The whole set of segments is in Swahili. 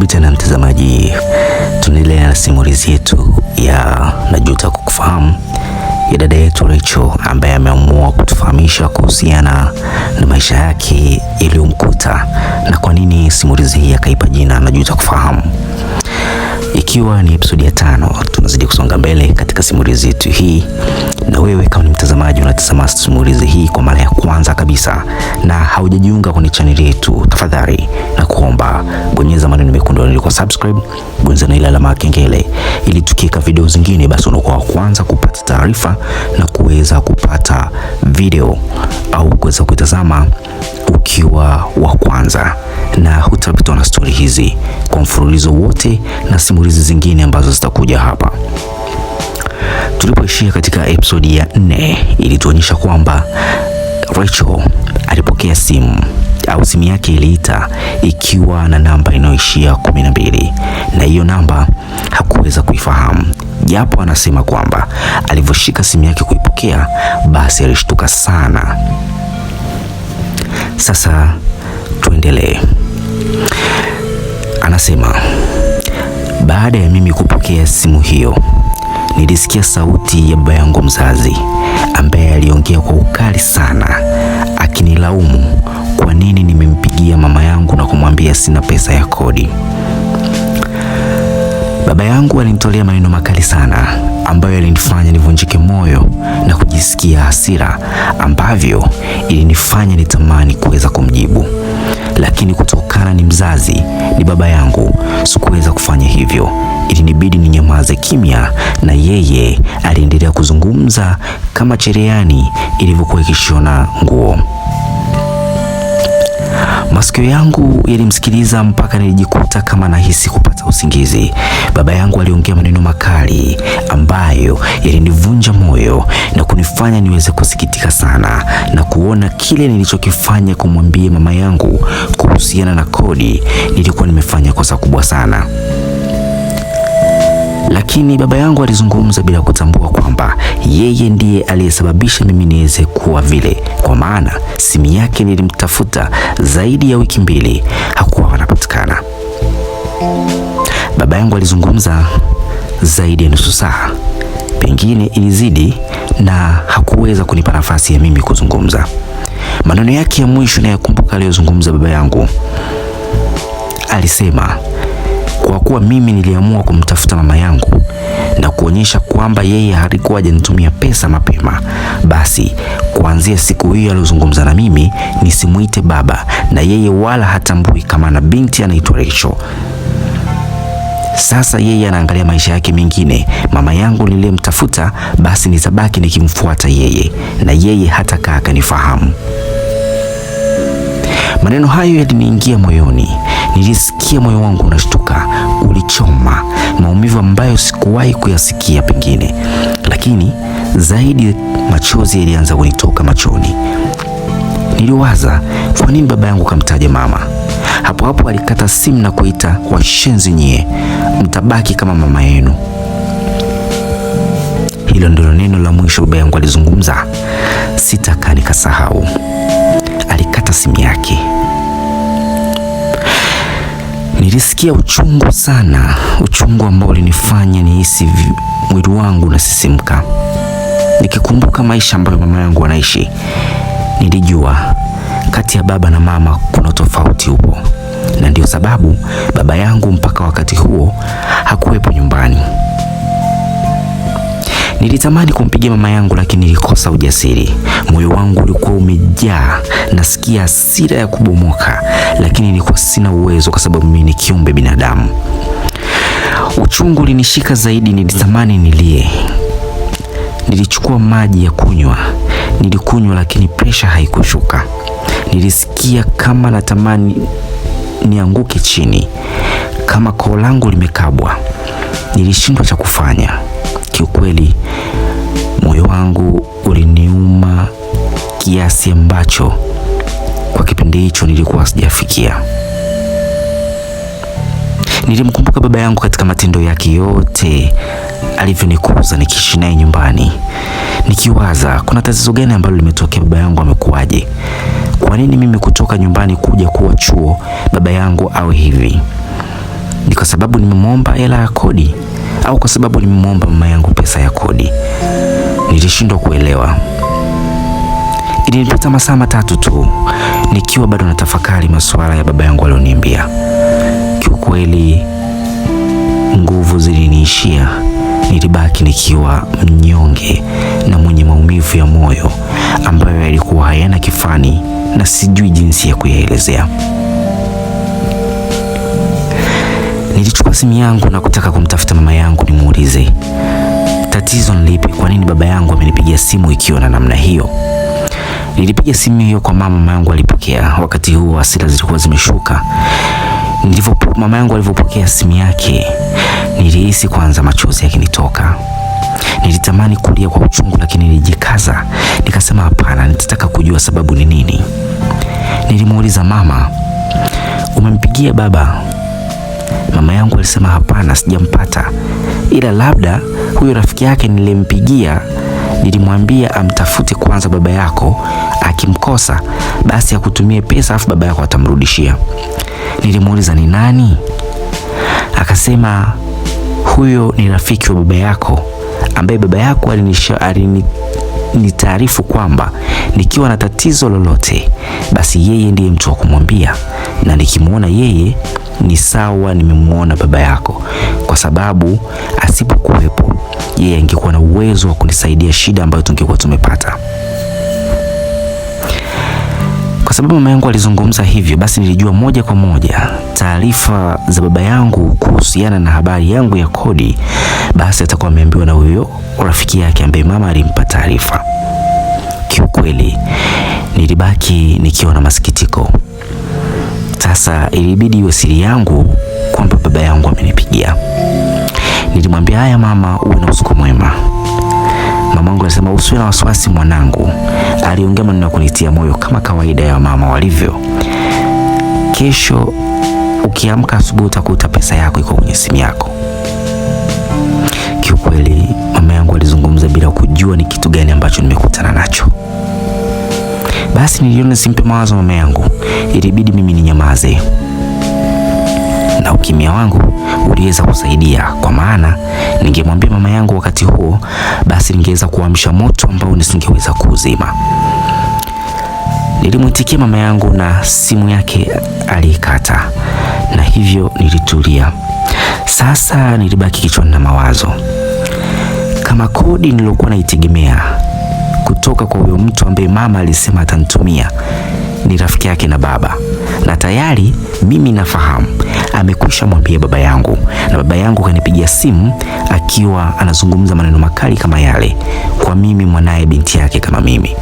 Karibu tena mtazamaji, tunaendelea na simulizi yetu ya Najuta Kukufahamu ya dada yetu Rachel ambaye ameamua kutufahamisha kuhusiana na maisha yake yaliyomkuta na kwa nini simulizi hii akaipa jina Najuta Kufahamu, ikiwa ni episodi ya tano. Tunazidi kusonga mbele katika simulizi yetu hii, na wewe kama ni mtazamaji unatazama simulizi hii kwa mara ya kwanza kabisa na haujajiunga kwenye chaneli yetu, tafadhali na kuomba bonyeza maneno mekundu yanayoandikwa subscribe, bonyeza na ile alama ya kengele ili tukiweka video zingine, basi unakuwa wa kwanza kupata taarifa na kuweza kupata video au kuweza kuitazama ukiwa wa kwanza, na hutapitwa na stori hizi kwa mfululizo wote na simulizi zingine ambazo zitakuja hapa. Tulipoishia katika episodi ya nne, ilituonyesha kwamba Rachel alipokea simu au simu yake iliita ikiwa na namba inayoishia kumi na mbili na hiyo namba hakuweza kuifahamu, japo anasema kwamba alivyoshika simu yake kuipokea, basi alishtuka sana. Sasa tuendelee. Anasema baada ya mimi kupokea simu hiyo nilisikia sauti ya baba yangu mzazi ambaye aliongea kwa ukali sana akinilaumu kwa nini nimempigia mama yangu na kumwambia sina pesa ya kodi. Baba yangu alinitolea maneno makali sana ambayo yalinifanya nivunjike moyo na kujisikia hasira ambavyo ilinifanya nitamani kuweza kumjibu, lakini kutokana ni mzazi, ni baba yangu, sikuweza kufanya hivyo. Ilinibidi ninyamaze kimya, na yeye aliendelea kuzungumza kama cherehani ilivyokuwa ikishona nguo. Masikio yangu yalimsikiliza mpaka nilijikuta kama nahisi kupata usingizi. Baba yangu aliongea maneno makali ambayo yalinivunja moyo na kunifanya niweze kusikitika sana na kuona kile nilichokifanya kumwambia mama yangu kuhusiana na kodi, nilikuwa nimefanya kosa kubwa sana. Lakini baba yangu alizungumza bila kutambua kwamba yeye ndiye aliyesababisha mimi niweze kuwa vile, kwa maana simu yake nilimtafuta zaidi ya wiki mbili, hakuwa anapatikana. Baba yangu alizungumza zaidi ya nusu saa, pengine ilizidi, na hakuweza kunipa nafasi ya mimi kuzungumza. Maneno yake ya mwisho nayakumbuka aliyozungumza baba yangu, alisema kwa kuwa mimi niliamua kumtafuta mama yangu na kuonyesha kwamba yeye alikuwa hajanitumia pesa mapema, basi kuanzia siku hiyo aliyozungumza na mimi nisimwite baba, na yeye wala hatambui kama na binti anaitwa Rachel. Sasa yeye anaangalia maisha yake mengine. Mama yangu niliyemtafuta, basi nitabaki nikimfuata yeye, na yeye hatakaa akanifahamu. Maneno hayo yaliniingia moyoni nilisikia moyo wangu unashtuka, ulichoma, maumivu ambayo sikuwahi kuyasikia pengine. Lakini zaidi, machozi yalianza kunitoka machoni. Niliwaza, kwa nini baba yangu kamtaja mama? Hapo hapo alikata simu na kuita washenzi, nyie mtabaki kama mama yenu. Hilo ndilo neno la mwisho baba yangu alizungumza, sitakaa nikasahau. Alikata simu yake nilisikia uchungu sana, uchungu ambao ulinifanya nihisi mwili wangu unasisimka. Nikikumbuka maisha ambayo mama yangu anaishi, nilijua kati ya baba na mama kuna tofauti upo, na ndio sababu baba yangu mpaka wakati huo hakuwepo nyumbani. Nilitamani kumpigia mama yangu, lakini nilikosa ujasiri. Moyo wangu ulikuwa umejaa, nasikia hasira ya kubomoka, lakini nilikuwa sina uwezo, kwa sababu mimi ni kiumbe binadamu. Uchungu ulinishika zaidi, nilitamani nilie. Nilichukua maji ya kunywa, nilikunywa, lakini presha haikushuka. Nilisikia kama natamani nianguke chini, kama koo langu limekabwa. Nilishindwa cha kufanya kiukweli moyo wangu uliniuma kiasi ambacho kwa kipindi hicho nilikuwa sijafikia. Nilimkumbuka baba yangu katika matendo yake yote alivyonikuza nikiishi naye nyumbani, nikiwaza kuna tatizo gani ambalo limetokea, baba yangu amekuwaje? Kwa nini mimi kutoka nyumbani kuja kuwa chuo baba yangu awe hivi? Ni kwa sababu nimemwomba hela ya kodi? au kwa sababu nimemwomba mama yangu pesa ya kodi. Nilishindwa kuelewa. Ilinipita masaa matatu tu nikiwa bado natafakari masuala ya baba yangu alioniambia. Kiukweli nguvu ziliniishia, nilibaki nikiwa mnyonge na mwenye maumivu ya moyo ambayo yalikuwa hayana kifani na sijui jinsi ya kuyaelezea. Nilichukua simu yangu na kutaka kumtafuta mama yangu nimuulize tatizo ni lipi, kwa nini baba yangu amenipigia simu ikiwa na namna hiyo. Nilipiga simu hiyo kwa mama, mama yangu alipokea. Wakati huo hasira zilikuwa zimeshuka. Ndivyo mama yangu alivyopokea simu yake, nilihisi kwanza machozi yakinitoka. Nilitamani kulia kwa uchungu, lakini nilijikaza, nikasema hapana, nitataka kujua sababu ni nini. Nilimuuliza mama, umempigia baba Mama yangu alisema hapana, sijampata, ila labda huyo rafiki yake nilimpigia, nilimwambia amtafute kwanza baba yako, akimkosa basi akutumie pesa, afu baba yako atamrudishia. Nilimuuliza ni nani, akasema huyo ni rafiki wa baba yako ambaye baba yako alinitaarifu kwamba nikiwa na tatizo lolote, basi yeye ndiye mtu wa kumwambia, na nikimwona yeye ni sawa nimemwona baba yako, kwa sababu asipokuwepo yeye angekuwa na uwezo wa kunisaidia shida ambayo tungekuwa tumepata. Kwa sababu mama yangu alizungumza hivyo, basi nilijua moja kwa moja taarifa za baba yangu kuhusiana na habari yangu ya kodi, basi atakuwa ameambiwa na huyo rafiki yake ambaye mama alimpa taarifa. Kiukweli nilibaki nikiwa na masikitiko. Sasa ilibidi iwe siri yangu kwamba baba yangu amenipigia. Nilimwambia, haya mama, uwe na usiku mwema. Mamangu anasema usiwe na wasiwasi mwanangu. Aliongea maneno ya kunitia moyo kama kawaida ya mama walivyo. Kesho ukiamka asubuhi utakuta pesa yako iko kwenye simu yako. Kiukweli mama yangu alizungumza bila kujua ni kitu gani ambacho nimekutana nacho. Basi niliona simpe mawazo mama yangu, ilibidi mimi ninyamaze, na ukimya wangu uliweza kusaidia, kwa maana ningemwambia mama yangu wakati huo, basi ningeweza kuamsha moto ambao nisingeweza kuuzima. Nilimwitikia mama yangu na simu yake aliikata, na hivyo nilitulia. Sasa nilibaki kichwani na mawazo kama kodi niliyokuwa naitegemea kutoka kwa huyo mtu ambaye mama alisema atanitumia ni rafiki yake na baba, na tayari mimi nafahamu amekwisha mwambia baba yangu, na baba yangu kanipigia simu akiwa anazungumza maneno makali kama yale kwa mimi, mwanaye, binti yake kama mimi.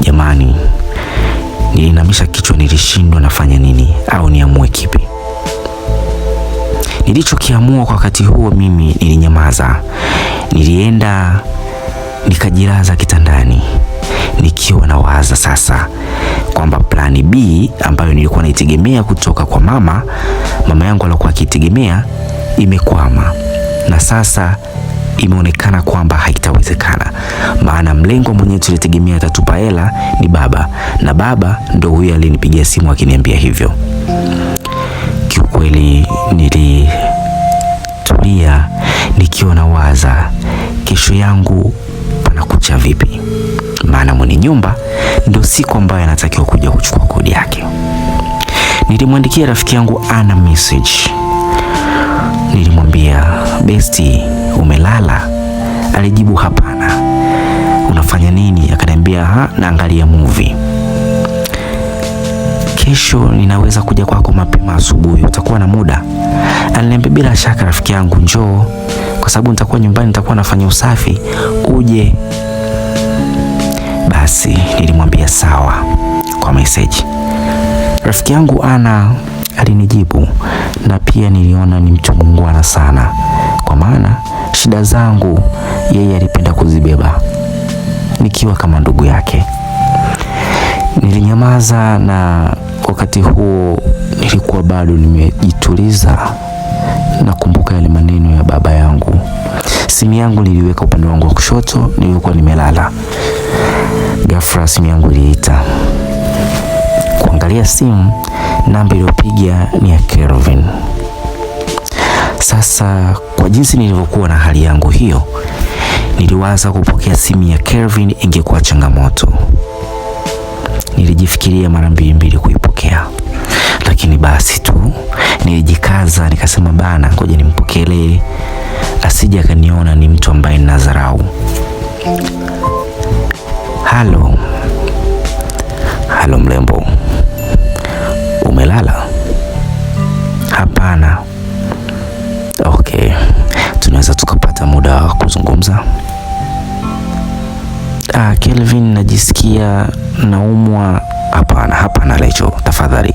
Jamani, nilinamisha kichwa, nilishindwa nafanya nini au niamue kipi. Nilichokiamua kwa wakati huo, mimi nilinyamaza, nilienda Nikajilaza kitandani nikiwa nawaza sasa kwamba plani B ambayo nilikuwa naitegemea kutoka kwa mama mama yangu alikuwa akiitegemea imekwama, na sasa imeonekana kwamba haitawezekana, maana mlengo mwenyewe tulitegemea atatupa hela ni baba, na baba ndo huyo alinipigia simu akiniambia hivyo. Kiukweli nilitulia nikiwa nawaza kesho yangu anakucha vipi, maana mwenye nyumba ndio siku ambayo anatakiwa kuja kuchukua kodi yake. Nilimwandikia rafiki yangu ana message, nilimwambia besti, umelala? Alijibu hapana. Unafanya nini? Akaniambia ha, naangalia movie. Kesho ninaweza kuja kwako mapema asubuhi, utakuwa na muda? Aliniambia bila shaka rafiki yangu, njoo kwa sababu nitakuwa nyumbani, nitakuwa nafanya usafi, uje. Basi nilimwambia sawa kwa meseji. Rafiki yangu Ana alinijibu na pia niliona ni mtu mungwana sana, kwa maana shida zangu yeye alipenda kuzibeba nikiwa kama ndugu yake. Nilinyamaza na wakati huo nilikuwa bado nimejituliza nakumbuka yale maneno ya baba yangu. Simu yangu niliweka upande wangu wa kushoto nilikuwa nimelala. Ghafla simu yangu iliita. Kuangalia simu, namba iliyopiga ni ya Kelvin. Sasa kwa jinsi nilivyokuwa na hali yangu hiyo, niliwaza kupokea simu ya Kelvin ingekuwa changamoto. Nilijifikiria mara mbili mbili kuipokea, lakini basi tu nilijikaza nikasema, bana, ngoja nimpokelee asije akaniona ni mtu ambaye ninadharau. Halo, halo mrembo, umelala? Hapana. Okay, tunaweza tukapata muda wa kuzungumza? Ah, Kelvin, najisikia naumwa. Hapana, hapana Lecho, tafadhali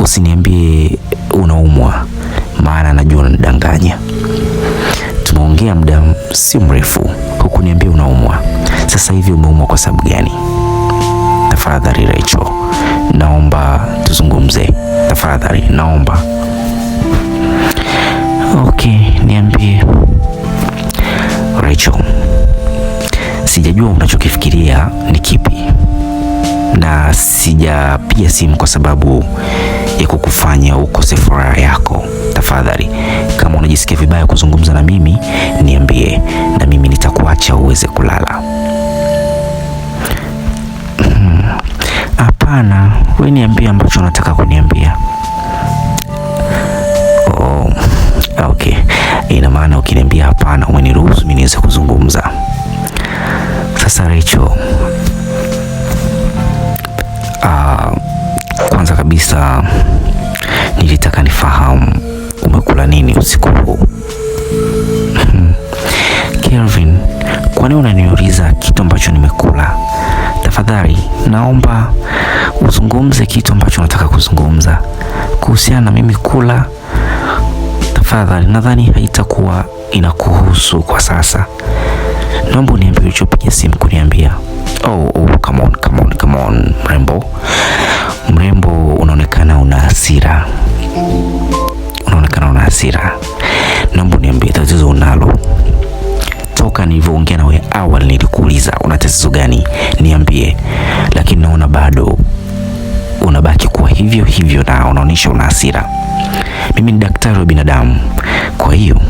usiniambie unaumwa, maana najua unanidanganya. tumeongea muda si mrefu, hukuniambia unaumwa. Sasa hivi umeumwa kwa sababu gani? Tafadhali Rachel, naomba tuzungumze, tafadhali naomba. Okay, niambie Rachel. Sijajua unachokifikiria ni kipi, na sijapiga simu kwa sababu ya kukufanya ukose furaha yako. Tafadhali, kama unajisikia vibaya kuzungumza na mimi, niambie na mimi nitakuacha uweze kulala. Hmm. Hapana, we niambie ambacho unataka kuniambia. Oh, okay. Ina maana ukiniambia hapana, umeniruhusu mimi niweze kuzungumza. Sasa Rachel kabisa nilitaka nifahamu umekula nini usiku huu. Hmm. Kelvin, kwani unaniuliza kitu ambacho nimekula? Tafadhali naomba uzungumze kitu ambacho unataka kuzungumza kuhusiana na mimi kula. Tafadhali, nadhani haitakuwa inakuhusu kwa sasa. Naomba uniambie ulichopiga simu kuniambia. Oh, hasira, unaonekana una hasira. Naomba niambie tatizo unalo. Toka nilivyoongea nawe awali nilikuuliza una tatizo gani, niambie, lakini naona bado unabaki kuwa hivyo hivyo na unaonyesha una hasira. Mimi ni daktari wa binadamu, kwa hiyo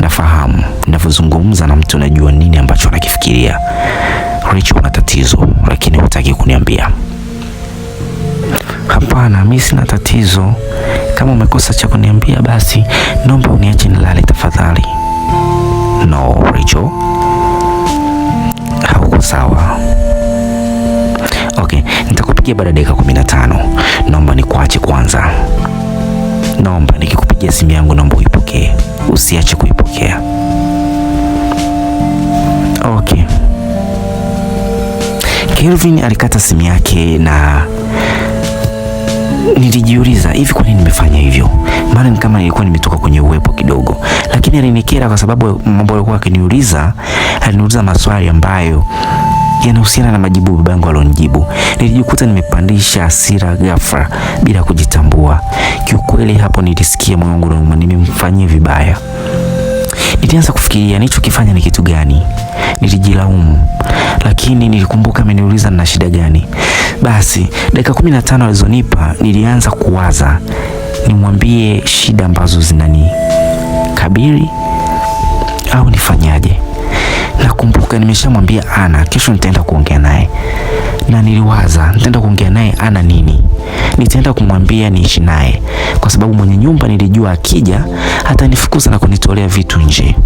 nafahamu ninavyozungumza na mtu, najua nini ambacho anakifikiria. Rich, una tatizo lakini hutaki kuniambia bwana, mimi sina tatizo, kama umekosa cha kuniambia basi naomba uniache nilale tafadhali. No, Rachel, hauko sawa. Okay, nitakupigia baada ya dakika kumi na tano. Naomba nikuache kwanza, naomba nikikupigia simu yangu naomba uipokee, usiache kuipokea. Okay. Kelvin alikata simu yake na nilijiuliza hivi, kwa nini nimefanya hivyo? Maana kama nilikuwa nimetoka kwenye uwepo kidogo, lakini alinikera kwa sababu mambo alikuwa akiniuliza, aliniuliza maswali ambayo yanahusiana na majibu babangu alionijibu. Nilijikuta nimepandisha hasira ghafla bila kujitambua. Kiukweli hapo nilisikia moyo wangu na nimemfanyia vibaya. Nilianza kufikiria nilichokifanya ni kitu gani. Nilijilaumu, lakini nilikumbuka ameniuliza nina shida gani. Basi dakika kumi na tano alizonipa nilianza kuwaza nimwambie shida ambazo zinani kabiri au nifanyaje. Nakumbuka nimeshamwambia ana, kesho nitaenda kuongea naye na niliwaza nitaenda kuongea naye ana nini, nitaenda kumwambia niishi naye, kwa sababu mwenye nyumba nilijua akija hatanifukuza na kunitolea vitu nje.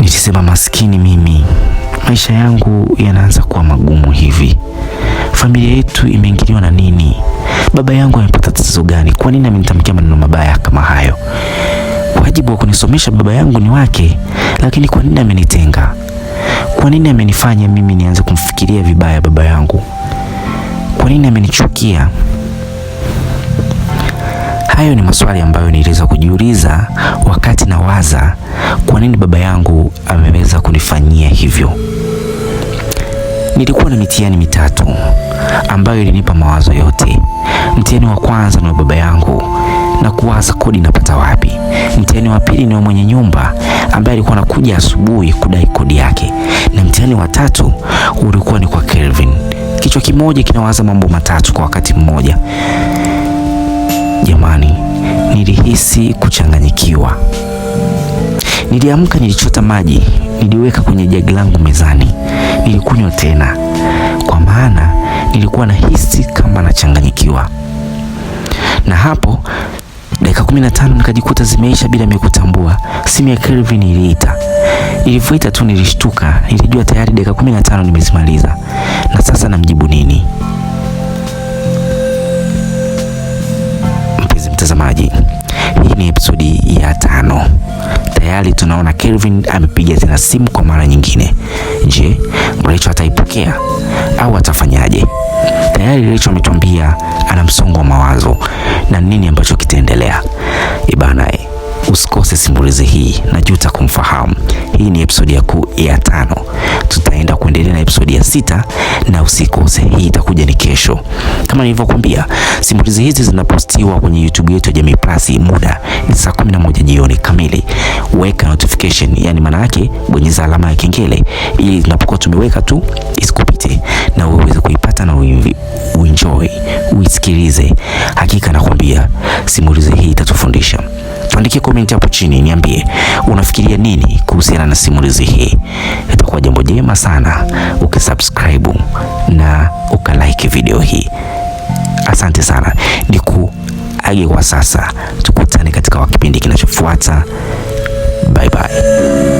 Nilisema maskini mimi, maisha yangu yanaanza kuwa magumu hivi. Familia yetu imeingiliwa na nini? Baba yangu amepata tatizo gani? Kwa nini amenitamkia maneno mabaya kama hayo? Wajibu wa kunisomesha baba yangu ni wake, lakini kwa nini amenitenga? Kwa nini amenifanya mimi nianze kumfikiria vibaya baba yangu? Kwa nini amenichukia? Hayo ni maswali ambayo niliweza kujiuliza wakati na waza kwa nini baba yangu ameweza kunifanyia hivyo. Nilikuwa na mitihani mitatu ambayo ilinipa mawazo yote. Mtihani wa kwanza ni wa baba yangu na kuwaza kodi napata wapi. Mtihani wa pili ni wa mwenye nyumba ambaye alikuwa anakuja asubuhi kudai kodi yake, na mtihani wa tatu ulikuwa ni kwa Kelvin. Kichwa kimoja kinawaza mambo matatu kwa wakati mmoja. Jamani, nilihisi kuchanganyikiwa. Niliamka, nilichota maji, niliweka kwenye jagi langu mezani, nilikunywa tena, kwa maana nilikuwa nahisi kama nachanganyikiwa. Na hapo Dakika 15 nikajikuta zimeisha bila mimi kutambua. Simu ya Kelvin iliita. Ilivyoita tu nilishtuka, nilijua tayari dakika 15 nimezimaliza. Na sasa namjibu nini? Mpenzi mtazamaji, hii ni episodi ya tano. Tayari tunaona Kelvin amepiga tena simu kwa mara nyingine. Je, Rachel ataipokea au atafanyaje? Tayari Rachel ametuambia ana msongo wa mawazo na nini ambacho kitaendelea. Ibana, e eh, usikose simulizi hii, najuta kumfahamu. Hii ni episodi ya ku ya tano tutaenda kuendelea na episodi ya sita, na usikose hii, itakuja ni kesho. Kama nilivyokuambia, simulizi hizi zinapostiwa kwenye YouTube yetu ya Jamii Plus, muda ni saa 11 jioni kamili. Weka notification, yani maana yake bonyeza alama ya kengele, ili tunapokuwa tumeweka tu isikupite, na uweze kuipata na uenjoy, uisikilize. Hakika nakwambia simulizi hii itatufundisha. Tuandikie komenti hapo chini, niambie unafikiria nini kuhusiana na simulizi hii, itakuwa jambo vyema sana ukisubscribe na ukalike video hii. Asante sana, nikuage kwa sasa, tukutane katika kipindi kinachofuata. Bye bye.